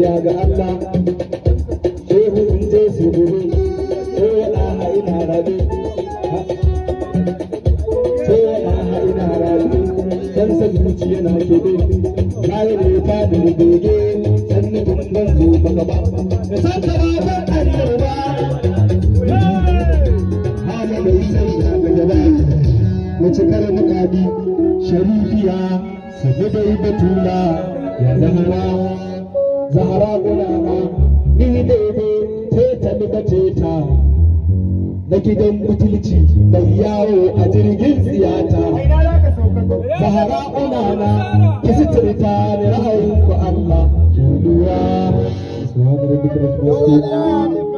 godiya ga Allah shehu in je su gobe ko na ha ina rabe ko na ha ina rabe dan sa zuci yana kebe kai ne fa da goge dan ne ban zo baka ba da san ka ba ban annoba hana da sai da gaba mace kar mukadi sharifiya sabu dai batula ya zama na gidan mutulci bai yawo a jirgin tsiyata zahara na ki sitirta da ra'ayin ku Allah ki lura.